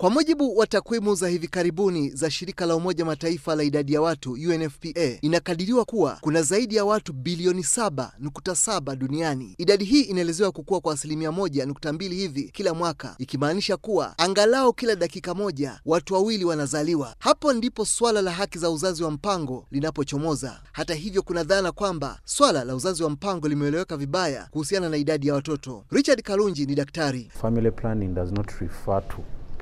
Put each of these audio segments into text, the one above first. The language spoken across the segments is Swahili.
Kwa mujibu wa takwimu za hivi karibuni za shirika la Umoja Mataifa la idadi ya watu UNFPA, inakadiriwa kuwa kuna zaidi ya watu bilioni 7.7 duniani. Idadi hii inaelezewa kukua kwa asilimia 1.2 hivi kila mwaka, ikimaanisha kuwa angalau kila dakika moja watu wawili wanazaliwa. Hapo ndipo swala la haki za uzazi wa mpango linapochomoza. Hata hivyo, kuna dhana kwamba swala la uzazi wa mpango limeeleweka vibaya kuhusiana na idadi ya watoto. Richard Kalunji ni daktari. Family planning does not refer to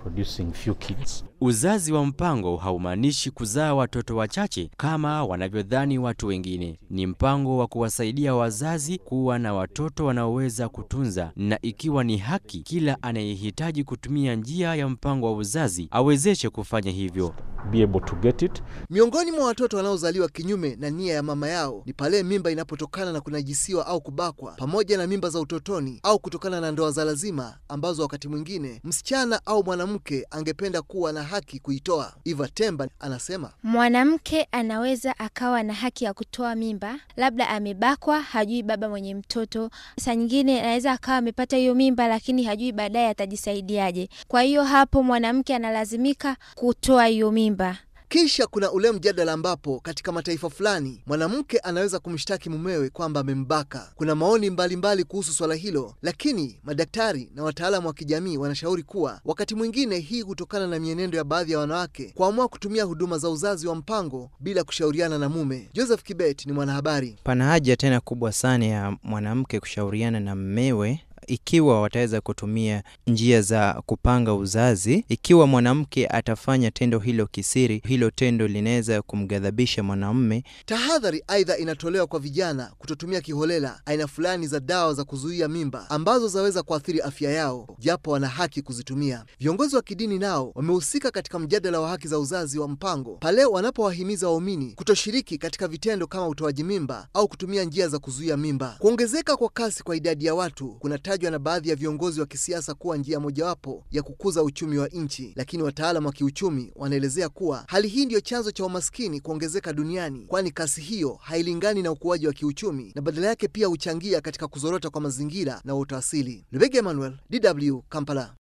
producing few kids. Uzazi wa mpango haumaanishi kuzaa watoto wachache kama wanavyodhani watu wengine. Ni mpango wa kuwasaidia wazazi kuwa na watoto wanaoweza kutunza, na ikiwa ni haki, kila anayehitaji kutumia njia ya mpango wa uzazi awezeshe kufanya hivyo be able to get it. Miongoni mwa watoto wanaozaliwa kinyume na nia ya mama yao ni pale mimba inapotokana na kunajisiwa au kubakwa, pamoja na mimba za utotoni au kutokana na ndoa za lazima ambazo wakati mwingine msichana au mwanamke angependa kuwa na haki kuitoa. Eva Temba anasema mwanamke anaweza akawa na haki ya kutoa mimba, labda amebakwa, hajui baba mwenye mtoto. Saa nyingine anaweza akawa amepata hiyo mimba, lakini hajui baadaye atajisaidiaje. Kwa hiyo hapo mwanamke analazimika kutoa hiyo mimba mimba. Kisha kuna ule mjadala ambapo katika mataifa fulani mwanamke anaweza kumshtaki mumewe kwamba amembaka. Kuna maoni mbalimbali mbali kuhusu swala hilo, lakini madaktari na wataalamu wa kijamii wanashauri kuwa wakati mwingine hii hutokana na mienendo ya baadhi ya wanawake kuamua kutumia huduma za uzazi wa mpango bila kushauriana na mume. Joseph Kibet ni mwanahabari. Pana haja tena kubwa sana ya mwanamke kushauriana na mmewe ikiwa wataweza kutumia njia za kupanga uzazi. Ikiwa mwanamke atafanya tendo hilo kisiri, hilo tendo linaweza kumghadhabisha mwanamume. Tahadhari aidha inatolewa kwa vijana kutotumia kiholela aina fulani za dawa za kuzuia mimba ambazo zaweza kuathiri afya yao, japo wana haki kuzitumia. Viongozi wa kidini nao wamehusika katika mjadala wa haki za uzazi wa mpango pale wanapowahimiza waumini kutoshiriki katika vitendo kama utoaji mimba au kutumia njia za kuzuia mimba. Kuongezeka kwa kasi kwa idadi ya watu kuna imetajwa na baadhi ya viongozi wa kisiasa kuwa njia mojawapo ya kukuza uchumi wa nchi, lakini wataalam wa kiuchumi wanaelezea kuwa hali hii ndiyo chanzo cha umaskini kuongezeka duniani, kwani kasi hiyo hailingani na ukuaji wa kiuchumi na badala yake pia huchangia katika kuzorota kwa mazingira na uoto asili. Lubega Emmanuel, DW, Kampala.